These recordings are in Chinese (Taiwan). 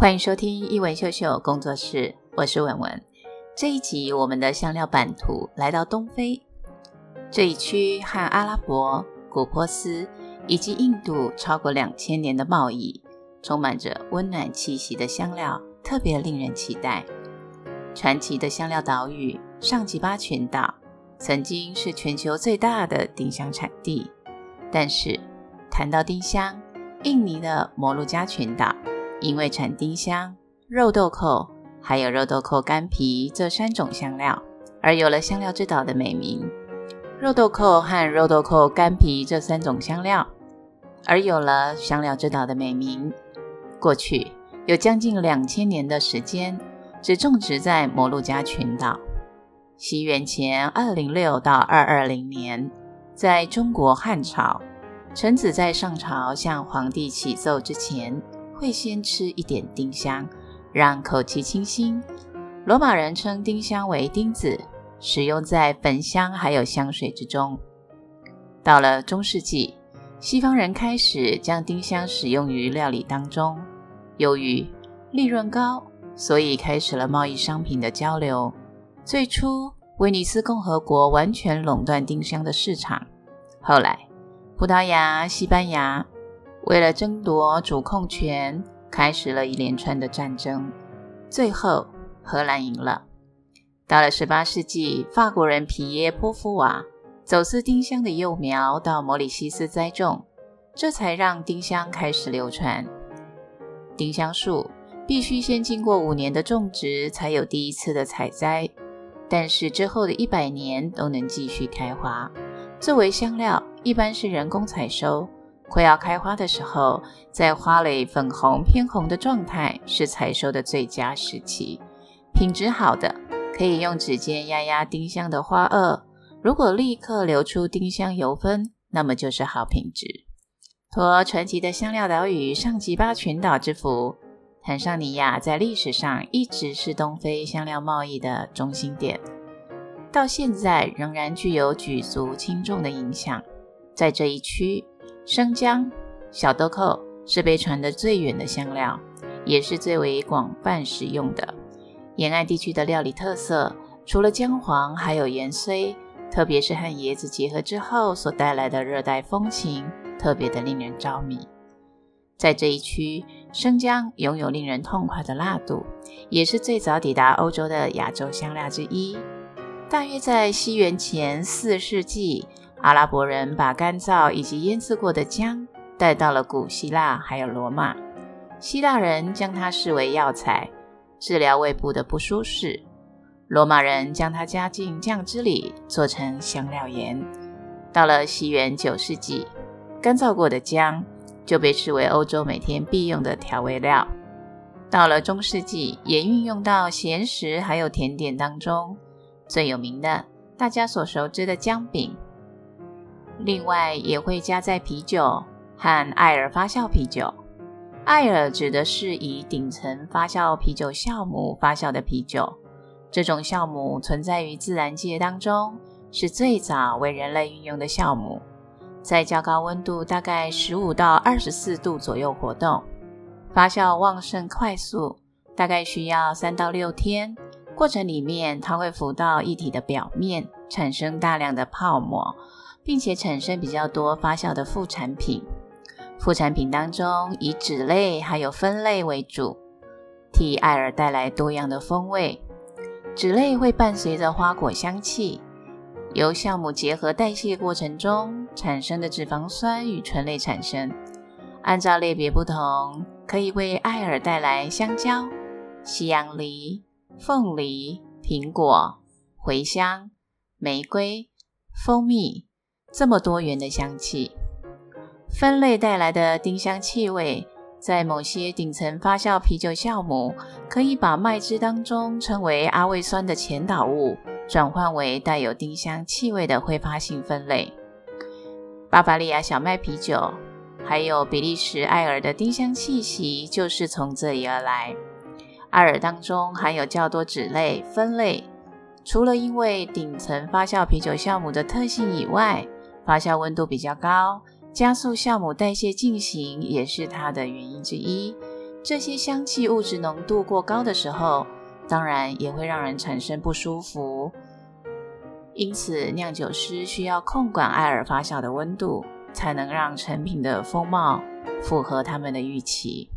歡迎收聽一文秀秀工作室，我是文文。這一集我們的香料版圖來到東非這一區，和阿拉伯、古波斯以及印度超過兩千年的貿易，充滿着溫暖氣息的香料特別令人期待。傳奇的香料島嶼尚吉巴群島曾經是全球最大的丁香產地，但是談到丁香，印尼的摩鹿加群島。因為產丁香、肉豆蔻，還有肉豆蔻乾皮這三種香料，而有了香料之島的美名。肉豆蔻和肉豆蔻乾皮這三種香料，而有了香料之島的美名。過去有將近兩千年的時間，只種植在摩鹿加群島。西元前二零六到二二零年，在中國漢朝，臣子在上朝向皇帝啟奏之前。會先吃一點丁香，讓口氣清新。羅馬人稱丁香為“釘子”，使用在焚香還有香水之中。到了中世紀，西方人開始將丁香使用於料理當中。由於利潤高，所以開始了貿易商品的交流。最初，威尼斯共和國完全壟斷丁香的市場。後來，葡萄牙、西班牙。為了爭奪主控權，開始了一連串的戰爭，最後荷蘭贏了。到了十八世紀，法國人皮耶·波夫瓦走私丁香的幼苗到摩里西斯栽種，這才讓丁香開始流傳。丁香樹必須先經過五年的種植，才有第一次的採摘，但是之後的一百年都能繼續開花。作為香料，一般是人工採收。快要開花的時候，在花蕾粉紅偏紅的狀態是採收的最佳時期。品質好的可以用指尖壓壓丁香的花萼，如果立刻流出丁香油分，那麼就是好品質。托傳奇的香料島嶼——尚吉巴群島之福，坦桑尼亞在歷史上一直是東非香料貿易的中心點，到現在仍然具有舉足輕重的影響。在這一區。生薑、小豆蔻是被傳得最遠的香料，也是最為廣泛使用的。沿岸地區的料理特色，除了薑黃，還有鹽酸，特別是和椰子結合之後所帶來的熱帶風情，特別的令人着迷。在這一區，生薑擁有令人痛快的辣度，也是最早抵達歐洲的亞洲香料之一。大約在西元前四世紀。阿拉伯人把乾燥以及醃製過的薑帶到了古希臘，還有羅馬。希臘人將它視為藥材，治療胃部的不舒適。羅馬人將它加進醬汁裡，做成香料鹽。到了西元九世紀，乾燥過的薑就被視為歐洲每天必用的調味料。到了中世紀，也運用到鹹食還有甜點當中。最有名的，大家所熟知的薑餅。另外也會加在啤酒和艾爾發酵啤酒。艾爾指的是以頂層發酵啤酒酵母發酵的啤酒。這種酵母存在於自然界當中，是最早為人類運用的酵母。在較高溫度，大概十五到二十四度左右活動，發酵旺盛快速，大概需要三到六天。過程裡面它會浮到液體的表面，產生大量的泡沫。並且產生比較多發酵的副產品，副產品當中以酯類還有酚類為主，替艾爾帶來多樣的風味。酯類會伴隨着花果香氣，由酵母結合代謝過程中產生的脂肪酸與醇類產生。按照類別不同，可以為艾爾帶來香蕉、西洋梨、鳳梨、蘋果、茴香、玫瑰、蜂蜜。這麼多元的香氣分類帶來的丁香氣味，在某些頂層發酵啤酒酵母可以把麥汁當中稱為阿魏酸的前導物轉換為帶有丁香氣味的揮發性分類。巴伐利亞小麥啤酒還有比利時艾爾的丁香氣息就是從這裡而來。艾爾當中含有較多酯類分類，除了因為頂層發酵啤酒酵母的特性以外。發酵溫度比較高，加速酵母代謝進行也是它的原因之一。這些香氣物質濃度過高的時候，當然也會讓人產生不舒服。因此，釀酒師需要控管艾爾發酵的溫度，才能讓成品的風貌符合他們的預期。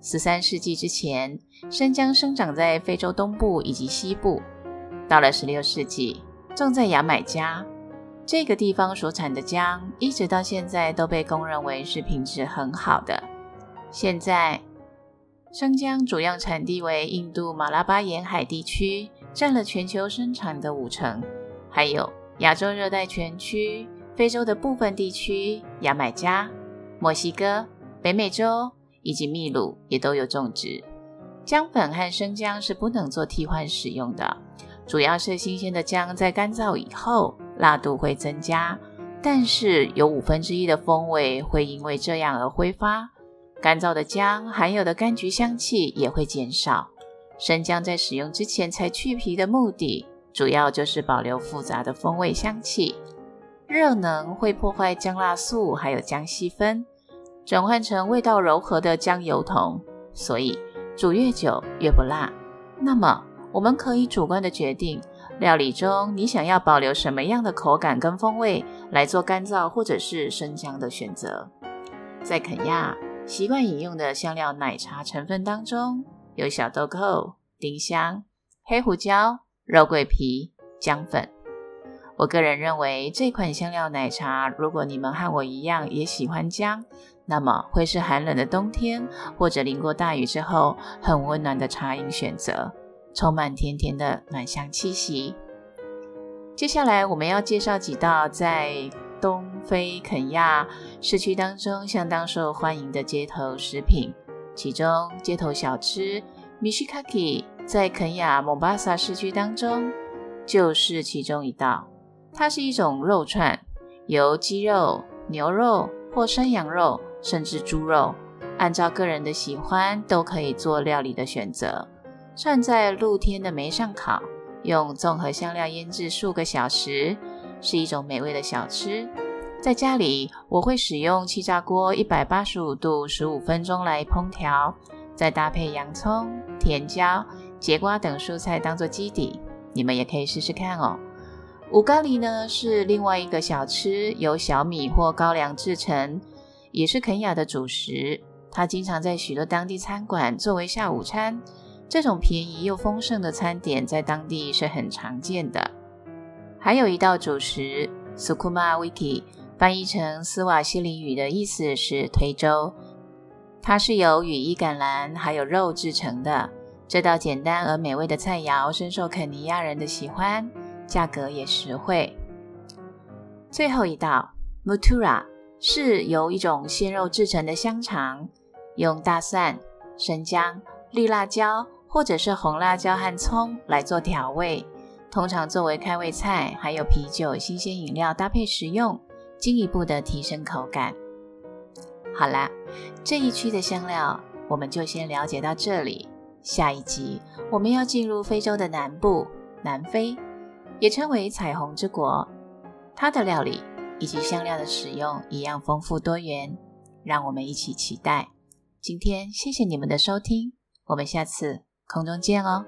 十三世紀之前，生薑生長在非洲東部以及西部，到了十六世紀，種在牙買加。這個地方所產的薑，一直到現在都被公認為是品質很好的。現在，生薑主要產地為印度馬拉巴沿海地區，占了全球生產的五成。還有亞洲熱帶全區、非洲的部分地區、牙買加、墨西哥、北美洲以及秘魯也都有種植。薑粉和生薑是不能做替換使用的，主要是新鮮的薑在乾燥以後，辣度會增加，但是有五分之一的風味會因為這樣而揮發。乾燥的薑含有的柑橘香氣也會減少。生薑在使用之前才去皮的目的，主要就是保留複雜的風味香氣。熱能會破壞薑辣素還有薑烯酚，轉換成味道柔和的薑油酮，所以煮越久越不辣。那麼我們可以主觀的決定。料理中，你想要保留什麼樣的口感跟風味來做乾燥或者是生薑的選擇？在肯亞習慣飲用的香料奶茶成分當中，有小豆蔻、丁香、黑胡椒、肉桂皮、薑粉。我個人認為這款香料奶茶，如果你們和我一樣也喜歡薑，那麼會是寒冷的冬天或者淋過大雨之後很溫暖的茶飲選擇。充滿甜甜的暖香氣息。接下來，我們要介紹幾道在東非肯亞市區當中相當受歡迎的街頭食品。其中，街頭小吃 Mishkaki 在肯亞蒙巴薩市區當中就是其中一道。它是一種肉串，由雞肉、牛肉或山羊肉，甚至豬肉，按照個人的喜歡都可以做料理的選擇。串在露天的煤上烤，用綜合香料醃製數個小時，是一種美味的小吃。在家裡，我會使用氣炸鍋一百八十五度十五分鐘來烹調，再搭配洋蔥、甜椒、節瓜等蔬菜當做基底。你們也可以試試看哦。烏咖喱呢是另外一個小吃，由小米或高粱製成，也是肯亞的主食。它經常在許多當地餐館作為下午餐。這種便宜又豐盛的餐點在當地是很常見的。還有一道主食，Sukuma Wiki，翻譯成斯瓦希里語的意思是“推周”，它是由羽衣甘藍還有肉製成的。這道簡單而美味的菜肴深受肯尼亞人的喜歡，價格也實惠。最後一道 Mutura 是由一種鮮肉製成的香腸，用大蒜、生薑、綠辣椒。或者是紅辣椒和蔥來做調味，通常作為開胃菜，還有啤酒、新鮮飲料搭配食用，進一步的提升口感。好啦，這一區的香料我們就先了解到這裡。下一集我們要進入非洲的南部——南非，也稱為彩虹之國，它的料理以及香料的使用一樣豐富多元。讓我們一起期待。今天謝謝你們的收聽，我們下次。空中見哦！